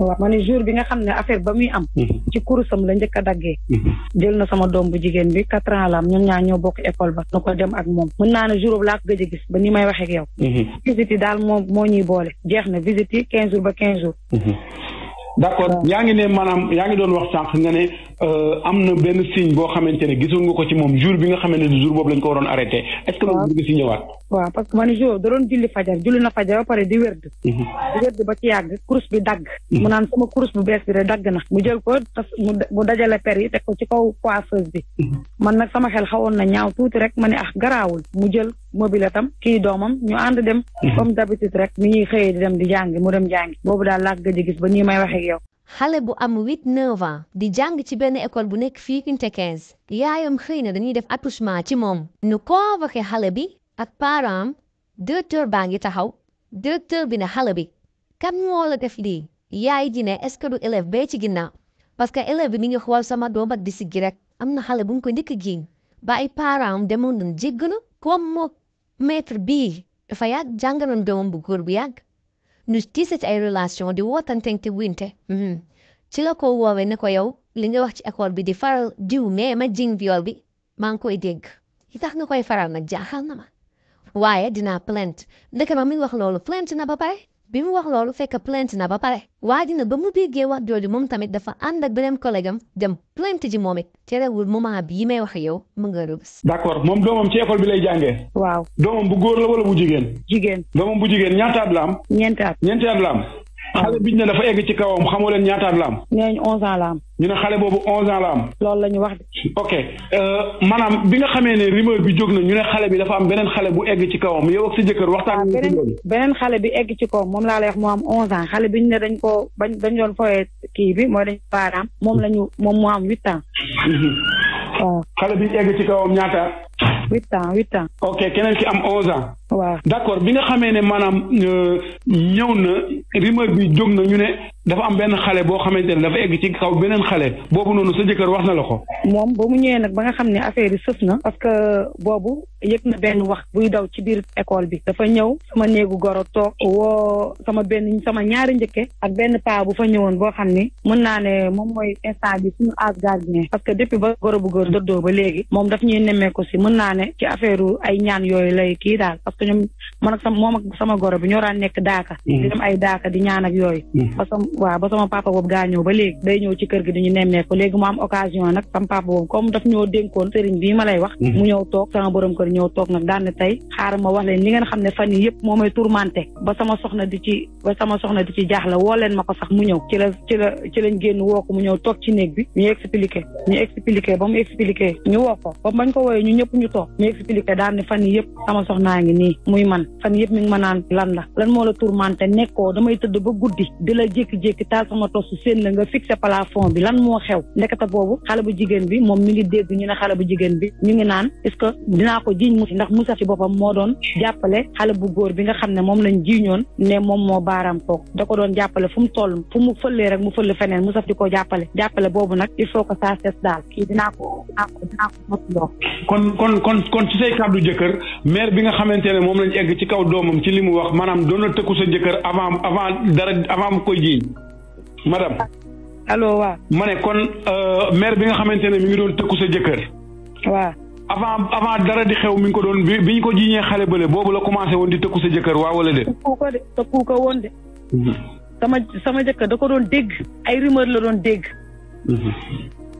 waaw ma ne jour bi nga xam ne affaire ba muy am. Mhm. ci sam la njëkk a daggee. Mhm. jël na sama doom bu jigéen bi quatre ans la am ñoom ñaa ñoo bokk école ba. na ko dem ak moom mën naa ne jour boobu laa ko gëj a gis ba ni may waxee ak yow. Mhm. visite yi daal moo moo ñuy boole jeex na visite yi quinze jours ba quinze jours. d'accord yaa ngi ne maanaam yaa ngi doon wax sànq nga ne euh, am na benn signe boo xamante ne gisoon nga ko ci moom jour bi nga xamante ne jour boobu lañ ko waroon arrêté. est-ce que loolu bëgg si ñëwaat. waaw parce que man jour da doon julli fajar julli na fajar ba pare di wérd. Mhm. di wérd ba ci yàgg kurus bi dagg. mu mhm. naan sama kurus bu bees bi rek dagg na. mu jël ko tas mu dajale per yi teg ko ci kaw coiffeuse bi. Mhm. man na sama xel xawoon na ñaaw tuuti rek ma ne ah garaawul mu jël. mobile tam kii doomam ñu ànd dem. Mhm. comme d'habitude rek ni ñuy xëyee di dem di jàngi mu dem jàngi boobu daal laa gëj a ba nii may waxee ak yow. xale bu am huit neuf di jàng ci benn école bu nekk fii Kinte 15 yaayam xëy na dañuy def attouchement ci moom ñu convoqué xale bi ak parent am directeur baa ngi taxaw directeur bi ne xale bi kan moo la def lii yaay ji ne est-ce que du élève bee ci ginnaaw parce que élève bi mi ngi xool sama doom ak di siggi rek am na xale bu ñu ko njëkk a jiiñ ba ay parent am bii bi Faye jàngalam doomam bu góor bu yàgg ñu tisati ay relation di wootante te winte mhm. ci la ko woowee ne ko yow li nga wax ci école bi di faral diw mais ma jing viol bi maa ngi koy dégg yi tax nga koy faral na jaaxal na ma waaye dinaa plainte ndeke ma mi wax loolu plainte na ba pare bi mu wax loolu fekk plainte na ba pare waa ji nag ba mu déggee wax jooju moom tamit dafa ànd ak beneen collègue am dem plainte ji moom it terewul moment yi may wax yow mu nga rëbës. d'accord moom doomam ci école bi lay jàngee. waaw doomam bu góor la wala bu jigéen. jigéen doomam bu jigéen ñaata at la am. ñeenti at ñeenti at xale biñ ne dafa egg ci kawam xamoo leen ñu ne xale boobu onze euh, bi nga xamee ne rumeur bi jóg na ñu ne xale bi dafa am beneen xale bu egg ci kawam yow ak sa ah, beneen beneen bi egg ci kawam moom laa lay wax mu xale ne dañ ko bañ dañ doon foyee kii bi mooy dañ baaraam moom la ñu moom mu am huit ans. Mhm. waaw xale bi egg ci kawam ñaataat. huit ans huit ans. ok keneen ki am onze ans. waaw d'accord bi nga xamee ne maanaam euh, ñëw na. rumeur bi jóg na ñu ne dafa am benn xale boo xamante ne dafa egg ci kaw beneen xale boobu noonu sa jëkkër wax na la ko. moom ba mu ba nga xam ne affaire yi sëf na. parce boobu yëg na benn wax buy daw ci biir école bi. dafa ñëw sama néegu goro toog sama benn sama ñaari njëkke ak benn paa bu fa ñëwoon boo xam ni mën naa ne moom mooy instant bi suñu as gardien. parce que depuis ba goro bu góor dëddoo ba léegi. moom daf ñuy nemmee si mën naa ne ci affaire ay ñaan yooyu lay kii daal parce que ñoom man ak moom ak sama goro bi ñoo daan nekk daaka. Mm-hmm. di dem ay daaka di ñaan yooyu. Mm-hmm. waaw ba sama papa boobu gaañoo ba léegi day ñëw ci kër gi dañu nemmeeku léegi mu am occasion nak sama papa boobu comme daf ñoo dénkoon sëriñ bii ma lay wax mhm. mu ñëw toog sama borom kër ñëw toog nag daan na tey ma wax leen li ngeen xam ne fan yi yëpp moo may tourmenté ba sama soxna di ci ba sama soxna di ci jaaxle woo leen ma ko sax mu ñëw ci la ci la ci lañ génn woo ko mu ñëw toog ci néeg bi ñu expliqué ñu expliqué ba mu expliqué ñu woo ko ba bañ ko wooyee ñu ñëpp ñu toog ñu expliqué daan ne fan yi yëpp sama soxnaa ngi nii muy man fan yëpp mi ngi ma naan lan la lan moo la tourmenté nekkoo damay tëdd ba guddi di la jékki jékki-jékki taal sama tos seen na nga fixé plafond bi lan moo xew ndekete boobu xale bu jigéen bi moom mi ngi dégg ñu ne xale bu jigéen bi ñu ngi naan est que dinaa ko jiiñ Moussa ndax Moussa ci boppam moo doon jàppale xale bu góor bi nga xam ne moom lañ jiiñoon ne moom moo baaraam toog da ko doon jàppale fu mu toll fu mu fëllee rek mu fëll feneen Moussa di ko jàppale jàppale boobu nag il faut que ça cesse daal kii ko dinaa ko dinaa ko kon kon kon kon ci say kàddu jëkkër maire bi nga xamante ne moom lañ egg ci kaw doomam ci li mu wax maanaam doon na tëkku sa jëkkër avant avant dara avant mu koy jiiñ madame. allo waaw. ma ne kon euh, maire bi nga xamante ne mu ngi doon tëkku sa jëkkër. waaw. avant avant dara di xew mu ngi ko doon bi bi ñu ko jiiñee xale bële boobu la commencé woon di tëkku sa jëkkër waaw wala déet. tëkku ko de tëkku ko woon de. Mhm. sama sama jëkkër da ko doon dégg ay rumeur la doon dégg. Mhm.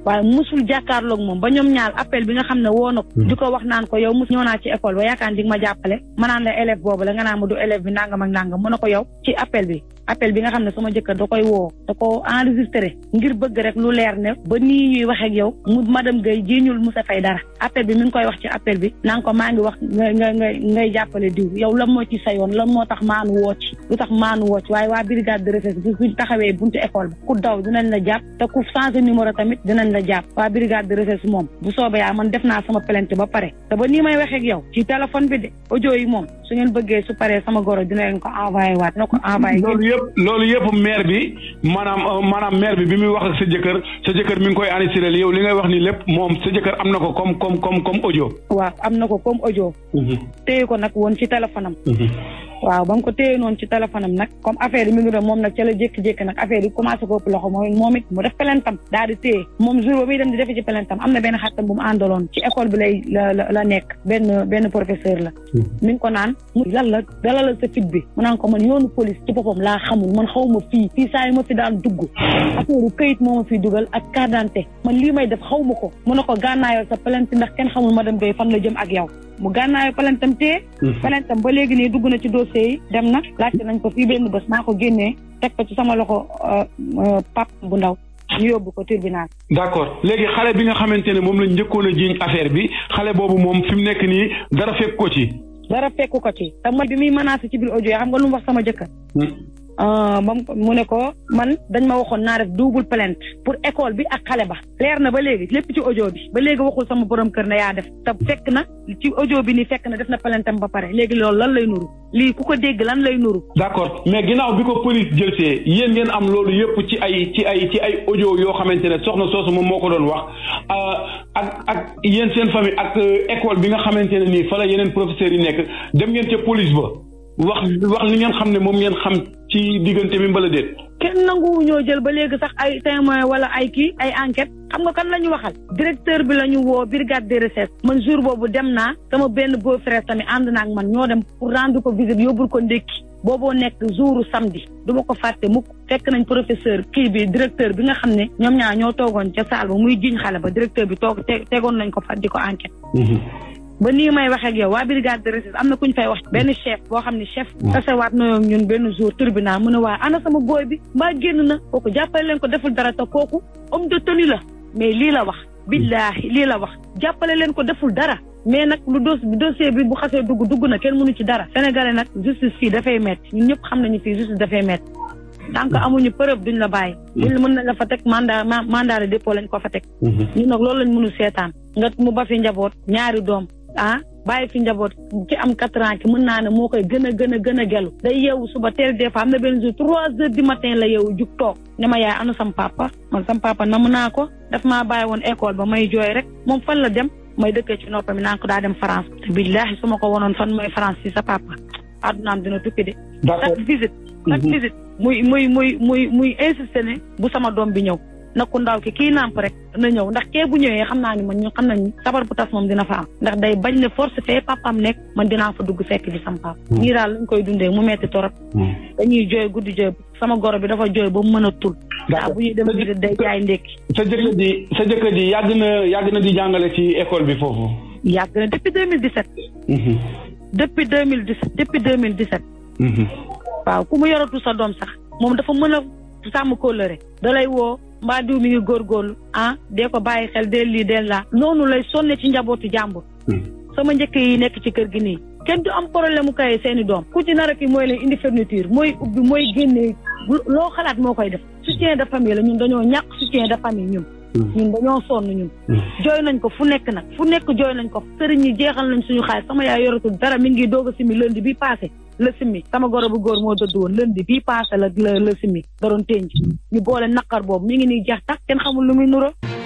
waaye musul jàkkaarloog moom ba ñoom ñaar appel bi nga xam ne woo na ko. Mhm. di ko wax naan ko yow mus ñëw naa ci école ba yaakaar di nga ma jàppale. ma naan la élève boobu la nga naa ma du élève bi nangam ak nangam mën na ko yow ci appel bi appel bi nga xam ne sama jëkkër da koy woo da ko enregistré ngir bëgg rek lu leer ne ba nii ñuy wax ak yow mu madame Guèye jiiñul Moussa Faye dara appel bi mi koy wax ci appel bi naan ko maa ngi wax nga ngay jàppale diw yow lan moo ci sa yoon lan moo tax maanu woo ci lu tax maanu woo ci waaye waa brigade de recherche bi suñ taxawee buntu école bi ku daw dinañ la jàpp te ku changé numéro tamit dinañ la jàpp waa brigade de recherche moom bu soobee yaa man def naa sama ba pare te may waxee yow ci téléphone bi de audio yi moom su ngeen bëggee su paree sama goro dina leen ko envoyé waat na ko envoyé. loolu yëpp loolu yëpp maire bi maanaam euh, maanaam maire bi bi muy wax sa jëkkër sa jëkkër mi ngi koy enregistré yow li ngay wax nii lépp moom sa jëkkër am na ko comme comme comme comme audio. waaw am na ko comme audio. Mhm. téye ko nag woon ci téléphone am. Mhm. waaw ba mu ko téye noonu ci téléphone am nag comme affaire yi mi ngi doon moom nag ca la jékki-jékki nag affaire yi commencé ko ëpp loxo mooy moom it mu def pelentam daal di na benn xaritam bu mu àndaloon ci école bi lay la la nekk benn benn professeur la hmm. mi ngi ko naan mu lan la dalalal sa fit bi mu naan ko man yoonu police ci boppam laa xamul man xaw ma fii fii saa ma fi daan dugg affaire yu këyit moo ma fiy dugal ak carte man lii may def xaw ma ko mu ne ko gànnaayoo sa plainte ndax kenn xamul ma dem doy fan la jëm ak yow mu gànnaayu palantam te mhm. palantam ba léegi nii dugg na ci dossier yi dem na laajte nañ ko fii benn bés naa ko génnee teg ko ci sama loxo euh, euh, pap bu ndaw ñu yóbbu ko tribunal. d'accord léegi xale bi nga xamante ne moom lañ njëkkoon a jiiñ affaire bi xale boobu moom fi mu nekk nii dara fekk ko ci. dara fekk ko ci tam mooy bi muy menacé ci biir audio yi xam nga lu mu wax sama jëkkër. Hmm. Euh, moom mu ne ko man dañ ma waxoon naa def double plainte pour école bi ak xale ba leer na ba léegi lépp ci audio bi ba léegi waxul sama borom kër ne yaa def te fekk na ci audio bi nii fekk na def na plainte am ba pare léegi loolu lan lay nuru lii ku ko dégg lan lay nuru. d'accord mais ginnaaw bi ko police jël see yéen ngeen am loolu yëpp ci ay ci ay ci ay audio yoo xamante ne soxna soosu moom moo ko doon wax euh, ak ak yéen seen famille ak euh, école bi nga xamante ne nii fa la yeneen yi nekk dem ngeen ca police wax wax li xam ne moom ngeen xam. ci diggante bi mbala déet. kenn nanguwu ñoo jël ba léegi sax ay témoin wala ay kii ay enquête xam nga kan la ñu waxal directeur bi la ñu woo brigade de recherche man jour boobu dem naa sama benn beau-frère tamit ànd nag man ñoo dem pour rendre ko visite yóbbul ko ndékki booboo nekk jouru samedi du ma ko fàtte mu fekk nañ professeur kii bi directeur bi nga xam ne ñoom ñaar ñoo toogoon ca saal ba muy jiñ xale ba directeur bi toog tegoon nañ ko fa di ko enquête. Mm-hmm. ba nii may wax ak yow waa brigade de recherche am na ku ñu fay wax benn chef boo xam ne chef tasewaat nañoo ñun benn jour tribunal mu ne waa ana sama booy bi mbaa génn na kooku jàppale leen ko deful dara te kooku homme de tenue la mais lii la wax billaahi lii la wax jàppale leen ko deful dara mais nag lu dos dossier bi bu xasee dugg dugg na kenn mënu ci dara sénégalais nag justice fii dafay metti ñun ñëpp xam ñu fii justice dafay metti tant amuñu preuve duñ la bàyyi duñ mën na la fa teg mandat mandat de dépôt lañ ko fa teg mhm. ñun nag loolu lañ mënu seetaan nga mu ba njaboot ñaari doom ah bàyyi fi njaboot ci am quatre ans ki mën naa ne moo koy gën a gën gën a gelu day yeewu suba teel des fois am na benn jour trois heures du matin la yeewu jug toog ne ma yaay anu sam papa man sam papa namu naa ko daf maa bàyyi woon école ba may jooy rek moom fan la dem may dëkkee ci noppam mi naan ko daa dem France te billaahi su ma ko wonoon fan mooy France si sa papa àddunaam dina tukki de chaque visite chaque mhm. visite muy muy muy muy muy insisté ne bu sama doom bi ñëw na ku ndaw ki kii nàmp rek na ñëw ndax kee bu ñëwee xam naa ni man ñu xam nañu sabar bu tas moom dina fa am ndax day bañ ne force fee papaam nekk man dinaa fa dugg fekk bi sam pap ñii mm. lañ koy dundee mu metti torop mm. dañuy jooy guddi jooy sama goro bi dafa jooy ba mu mën a tul waaw bu ñuy dem di day ndékki sa jëkkër ji sa yàgg na yàgg na di jàngale ci école bi foofu yàgg na depuis 2017 mm-hmm. depuis 2017 depuis 2017 mm-hmm. waaw ku mu yoratu sa doom sax moom dafa mën a sàmm kóllëre da woo mbaa diw mi ngi góorgóorlu ah dee ko bàyyi xel del lii del laa loolu lay sonne ci njabootu jàmbur hmm. sama njëkk yi nekk ci kër gi nii kenn du am problème mu kaye seeni doom ku ci nar ki kii mooy leen indi fermeture mooy ubbi mooy génne loo xalaat moo koy def hmm. soutien de famille la ñun dañoo ñàkk soutien de famille ñun hmm. ñun dañoo sonn ñun jooy nañ ko fu nekk nag fu nekk jooy nañ ko sëriñ yi jeexal nañ suñu xaalis sama yaay yoratul dara mi ngi doog a simi lundi bi passé la simmi sama goro bu góor moo dëdd woon lundi bii passé la la la simmi daroon ténj ñu boole naqar boobu mi ngi nii jeex tax kenn xamul lu muy nuro